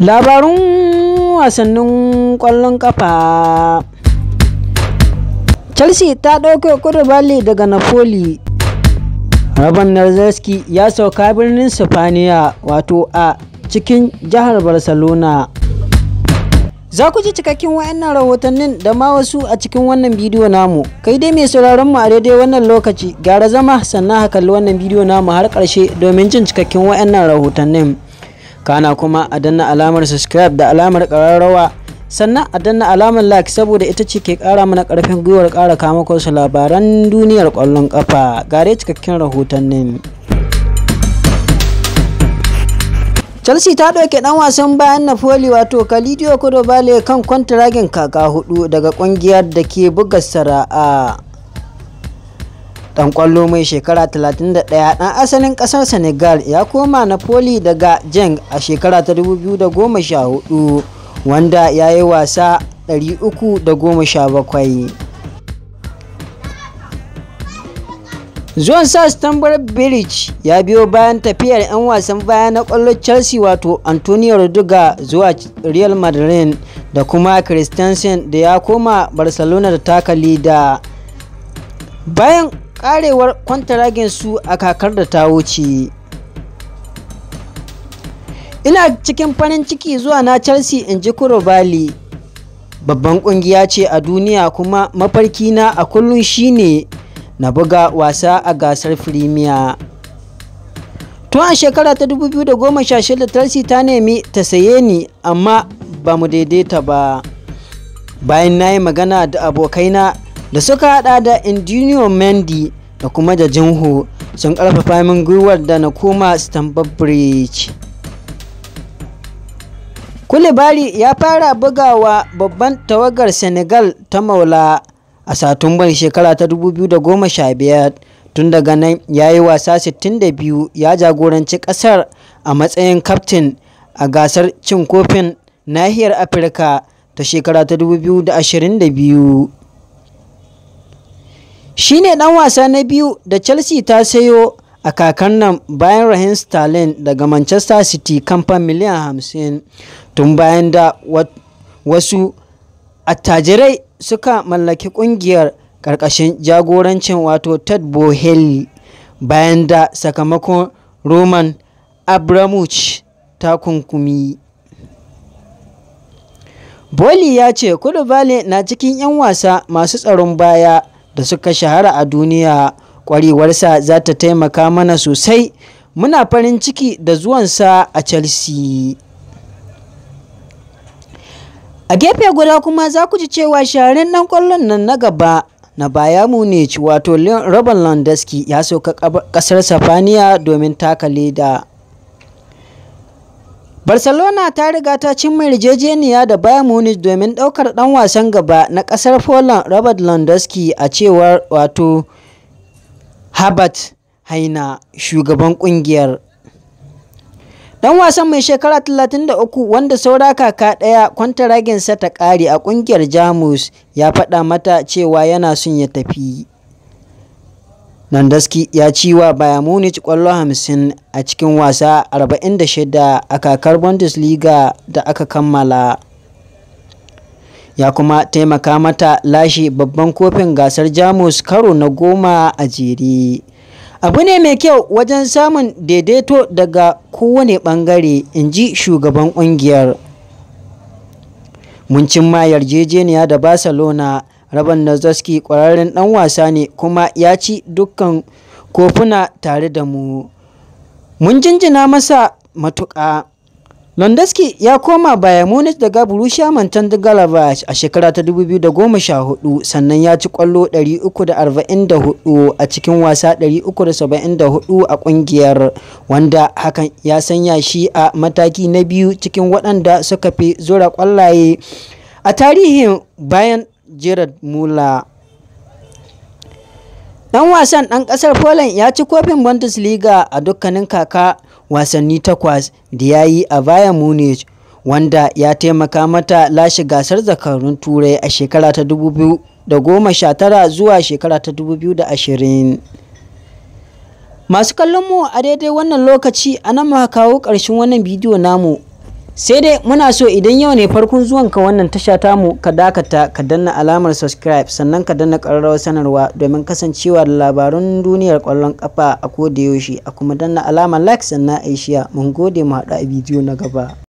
labarun wasannin kwallon kafa chelsea ta ɗauke kudu bali daga napoli rabon narzeski ya sauka birnin sifaniya wato a cikin jihar barcelona za ku ji cikakken wayannan rahotannin da ma wasu a cikin wannan bidiyo namu kai dai mai sauraron mu a daidai wannan lokaci gara zama sannan haka wannan bidiyo namu har ƙarshe domin jin cikakken wayannan rahotannin kana kuma a danna alamar subscribe da alamar ƙararrawa sannan a danna alamar like saboda ita ce ke kara mana karfin gwiwar ƙara kama labaran duniyar ƙwallon ƙafa gare cikakken rahotannin chelsea ta ɗauke ɗan wasan bayan napoli wato kalidio kodobale kan kwantaragin kaka hudu daga ƙungiyar da ke buga sara'a dan kwallo mai shekara 31 dan asalin kasar senegal ya koma napoli daga jeng a shekara ta 2014 wanda ya yi wasa 317 zuwan sa tambar bridge ya biyo bayan tafiyar 'yan wasan baya na kwallon chelsea wato antonio rodriguez zuwa real madrid da kuma christensen da ya koma barcelona da taka leda bayan karewar kwantaragen su a kakar da ta wuce ina cikin farin ciki zuwa na chelsea in ji kurobali babban kungiya ce a duniya kuma mafarki na a kullum shine na buga wasa a gasar firimiya tun a shekara ta 2016 chelsea ta nemi ta saye ni amma ba mu daidaita ba bayan na yi magana da abokaina da suka hada da Indunio Mendy da kuma da Jinho sun karfafa min gwiwar da na koma Stamford Bridge. Kulibari ya fara bugawa babban tawagar Senegal ta maula a Satumbar shekara ta 2015 tun daga nan ya yi wasa 62 ya jagoranci ƙasar a matsayin kaftin a gasar cin kofin nahiyar Afirka ta shekara ta 2022. shi ne ɗan wasa na biyu da chelsea ta sayo a kakan nan bayan raheem sterling daga manchester city kamfan miliyan 50 tun bayan da wasu attajirai suka mallaki kungiyar karkashin jagorancin wato ted boheli bayan da sakamakon roman abramovich kunkumi. boli ya ce kudu valley na cikin 'yan wasa masu tsaron baya da suka shahara a duniya ƙwarewarsa za ta taimaka mana sosai muna farin ciki da zuwansa a chelsea a gefe guda kuma za ku ji cewa shaharin dan kwallon nan na gaba na baya munich wato robin landowski ya sauka ƙasar safaniya domin taka leda Barcelona ta riga ta cimma yarjejeniya da Bayern Munich domin ɗaukar ɗan wasan gaba na ƙasar Poland Robert Lewandowski a cewar wato Herbert Haina shugaban ƙungiyar. Ɗan wasan mai shekara 33 wanda saura kaka ɗaya sa ta ƙare a ƙungiyar Jamus ya faɗa mata cewa yana son ya tafi. Nandaski ya ci wa Bayern Munich ƙwallo 50 a cikin wasa 46 a kakar Bundesliga da aka kammala. Ya kuma taimaka mata lashe babban kofin gasar Jamus karo na goma a jere. Abu ne mai kyau wajen samun daidaito daga kowane ɓangare, in ji shugaban ƙungiyar. Mun cimma yarjejeniya da Barcelona. Raban nazoski ƙwararren ɗan wasa ne kuma ya ci dukkan kofuna tare da mu. Mun jinjina masa matuƙa. Londonski ya koma Bayern Munich daga Borussia Mönchengladbach a shekara ta 2014 sannan ya ci kwallo 344 a cikin wasa 374 a ƙungiyar, wanda hakan ya sanya shi a mataki na biyu cikin waɗanda suka fi zura kwallaye a tarihin bayan Gerard Muller. Ɗan wasan ɗan ƙasar Poland ya ci kofin Bundesliga a dukkanin kaka wasanni takwas da ya yi a Bayern Munich, wanda ya taimaka mata lashe gasar zakarun Turai a shekara ta 2019 zuwa shekara ta 2020. Masu kallon mu a daidai wannan lokaci a nan muka kawo ƙarshen wannan bidiyo namu sai dai muna so idan yau ne farkon zuwanka wannan tasha mu ka dakata ka danna alamar subscribe sannan ka danna ƙararrawar sanarwa domin kasancewa da labarun duniyar ƙwallon ƙafa a koda yaushe a kuma danna alamar like sannan a mun gode mu haɗu a bidiyo na gaba